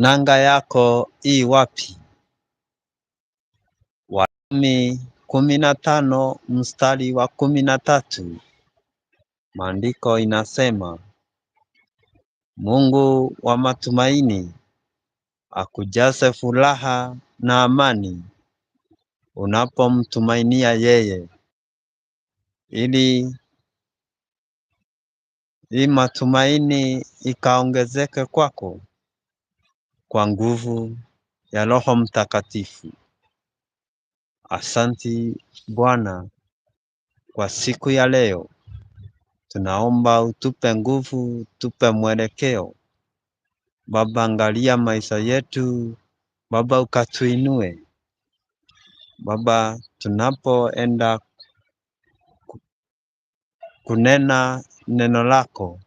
nanga yako i wapi? Warumi kumi na tano mstari wa kumi na tatu. Maandiko inasema Mungu wa matumaini akujaze furaha na amani unapomtumainia yeye, ili hii matumaini ikaongezeke kwako kwa nguvu ya Roho Mtakatifu. Asanti Bwana kwa siku ya leo, tunaomba utupe nguvu, tupe mwelekeo Baba. Angalia maisha yetu Baba, ukatuinue Baba, tunapoenda kunena neno lako,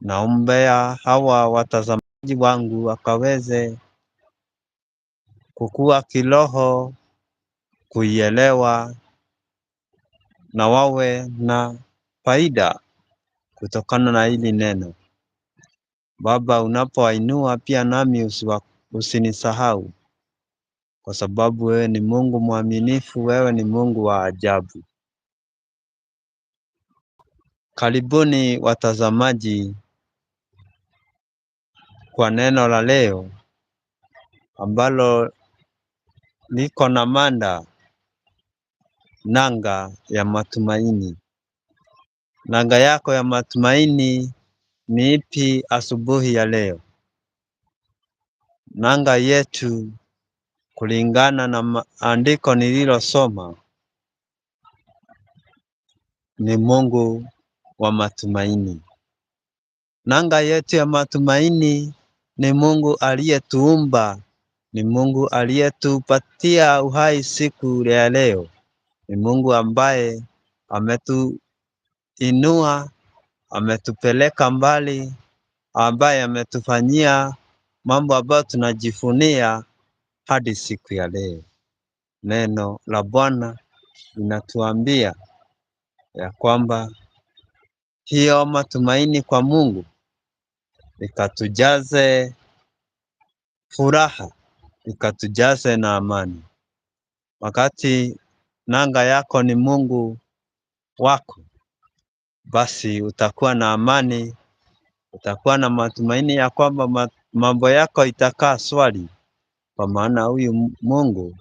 naombea hawa watazama wangu wakaweze kukua kiroho, kuielewa na wawe na faida kutokana na hili neno. Baba, unapowainua pia nami usinisahau, kwa sababu wewe ni Mungu mwaminifu, wewe ni Mungu wa ajabu. Karibuni watazamaji kwa neno la leo ambalo liko na mada nanga ya matumaini. Nanga yako ya matumaini ni ipi asubuhi ya leo? Nanga yetu kulingana na andiko nililosoma ni Mungu wa matumaini. Nanga yetu ya matumaini ni Mungu aliyetuumba, ni Mungu aliyetupatia uhai siku ya leo, ni Mungu ambaye ametuinua, ametupeleka mbali, ambaye ametufanyia mambo ambayo tunajivunia hadi siku ya leo. Neno la Bwana linatuambia ya kwamba hiyo matumaini kwa Mungu ikatujaze furaha, ikatujaze na amani. Wakati nanga yako ni Mungu wako, basi utakuwa na amani, utakuwa na matumaini ya kwamba mambo yako itakaa swali, kwa maana huyu Mungu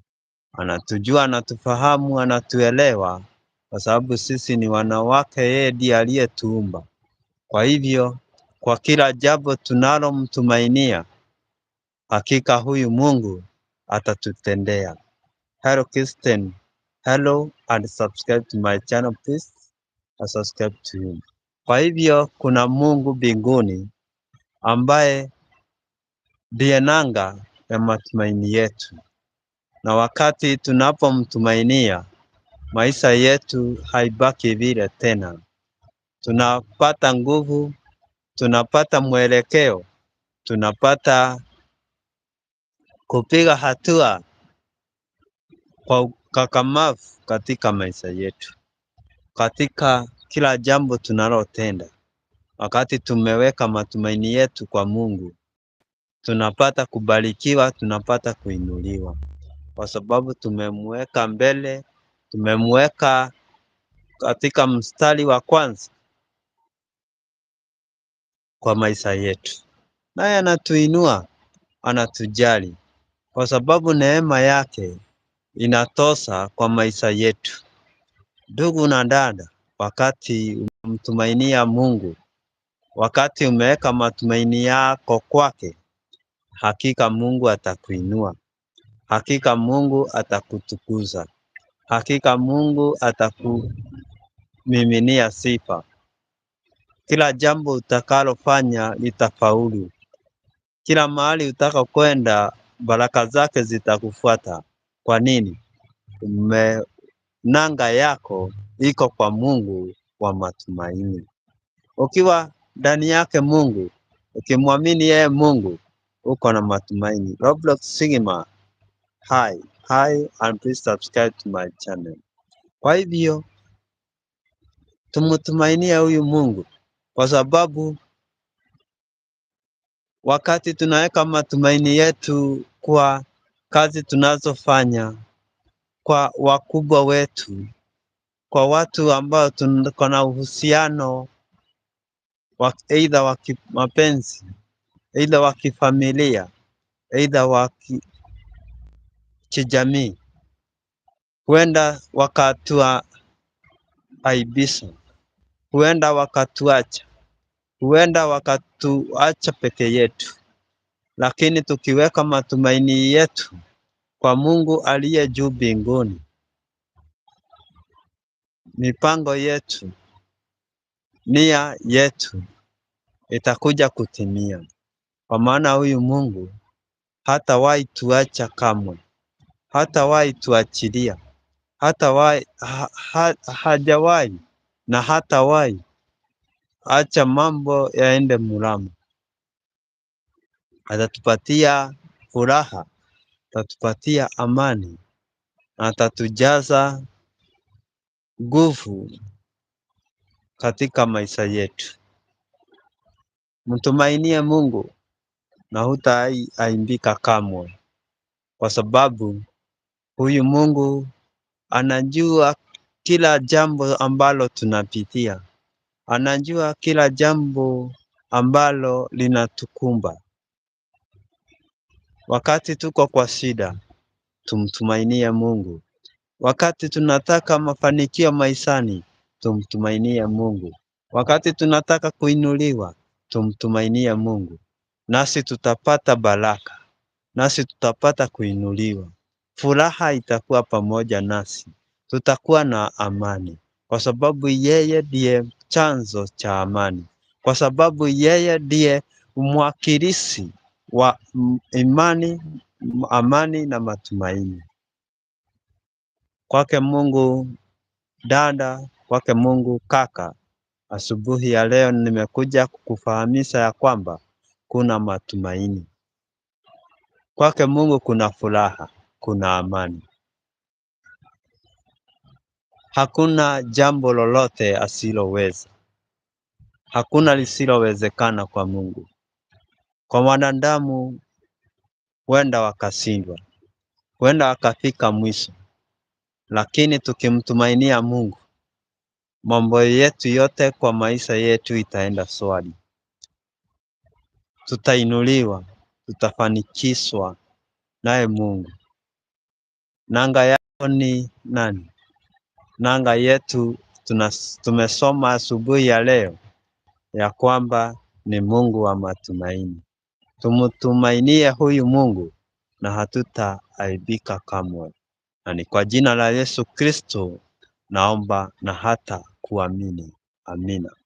anatujua, anatufahamu, anatuelewa, kwa sababu sisi ni wanawake, yeye ndiye aliyetuumba. Kwa hivyo kwa kila jambo tunalomtumainia, hakika huyu Mungu atatutendea. Hello Kristen, hello and subscribe to my channel please. I subscribe to him. Kwa hivyo kuna Mungu mbinguni ambaye ndiye nanga ya matumaini yetu, na wakati tunapomtumainia maisha yetu haibaki vile tena, tunapata nguvu tunapata mwelekeo, tunapata kupiga hatua kwa ukakamavu katika maisha yetu, katika kila jambo tunalotenda. Wakati tumeweka matumaini yetu kwa Mungu, tunapata kubarikiwa, tunapata kuinuliwa, kwa sababu tumemweka mbele, tumemweka katika mstari wa kwanza kwa maisha yetu, naye anatuinua, anatujali kwa sababu neema yake inatosha kwa maisha yetu. Ndugu na dada, wakati umemtumainia Mungu, wakati umeweka matumaini yako kwake, hakika Mungu atakuinua, hakika Mungu atakutukuza, hakika Mungu atakumiminia sifa, kila jambo utakalofanya litafaulu. Kila mahali utakakwenda, baraka zake zitakufuata. Kwa nini? Ume, nanga yako iko kwa Mungu wa matumaini. Ukiwa ndani yake Mungu, ukimwamini yeye Mungu, uko na matumaini. Roblox Sigma. Hi, hi and please subscribe to my channel. Kwa hivyo tumutumainia huyu Mungu kwa sababu wakati tunaweka matumaini yetu kwa kazi tunazofanya, kwa wakubwa wetu, kwa watu ambao tuko na uhusiano wa aidha wa mapenzi, aidha wa kifamilia, aidha wa kijamii, huenda wakatuaibisha, huenda wakatuacha huenda wakatuacha peke yetu, lakini tukiweka matumaini yetu kwa Mungu aliye juu mbinguni, mipango yetu, nia yetu itakuja kutimia, kwa maana huyu Mungu hatawahi tuacha kamwe, hatawahi tuachilia, hatawahi ha, ha, hajawahi na hatawahi acha mambo yaende mulama atatupatia furaha, atatupatia amani na atatujaza nguvu katika maisha yetu. Mtumainie Mungu na hutaaibika kamwe, kwa sababu huyu Mungu anajua kila jambo ambalo tunapitia Anajua kila jambo ambalo linatukumba. Wakati tuko kwa shida, tumtumainie Mungu. Wakati tunataka mafanikio maishani, tumtumainie Mungu. Wakati tunataka kuinuliwa, tumtumainie Mungu, nasi tutapata baraka, nasi tutapata kuinuliwa. Furaha itakuwa pamoja nasi, tutakuwa na amani, kwa sababu yeye ndiye chanzo cha amani, kwa sababu yeye ndiye mwakilishi wa imani, amani na matumaini. Kwake Mungu dada, kwake Mungu kaka, asubuhi ya leo nimekuja kukufahamisha ya kwamba kuna matumaini. Kwake Mungu kuna furaha, kuna amani. Hakuna jambo lolote asiloweza. Hakuna lisilowezekana kwa Mungu. Kwa wanadamu huenda wakashindwa, huenda wakafika mwisho, lakini tukimtumainia Mungu, mambo yetu yote kwa maisha yetu itaenda swali. Tutainuliwa, tutafanikishwa naye Mungu. Nanga yako ni nani? nanga yetu tumesoma asubuhi ya leo ya kwamba ni Mungu wa matumaini. Tumtumainie huyu Mungu na hatutaaibika kamwe, na ni kwa jina la Yesu Kristo naomba na hata kuamini. Amina.